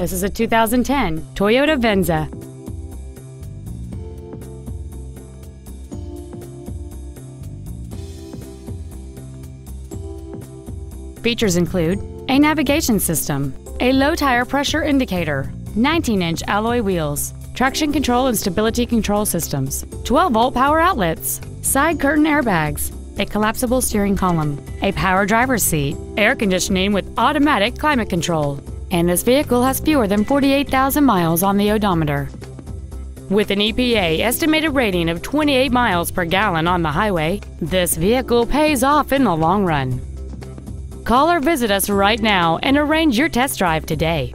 This is a 2010 Toyota Venza. Features include a navigation system, a low tire pressure indicator, 19-inch alloy wheels, traction control and stability control systems, 12-volt power outlets, side curtain airbags, a collapsible steering column, a power driver's seat, air conditioning with automatic climate control, and this vehicle has fewer than 48,000 miles on the odometer. With an EPA estimated rating of 28 miles per gallon on the highway, this vehicle pays off in the long run. Call or visit us right now and arrange your test drive today.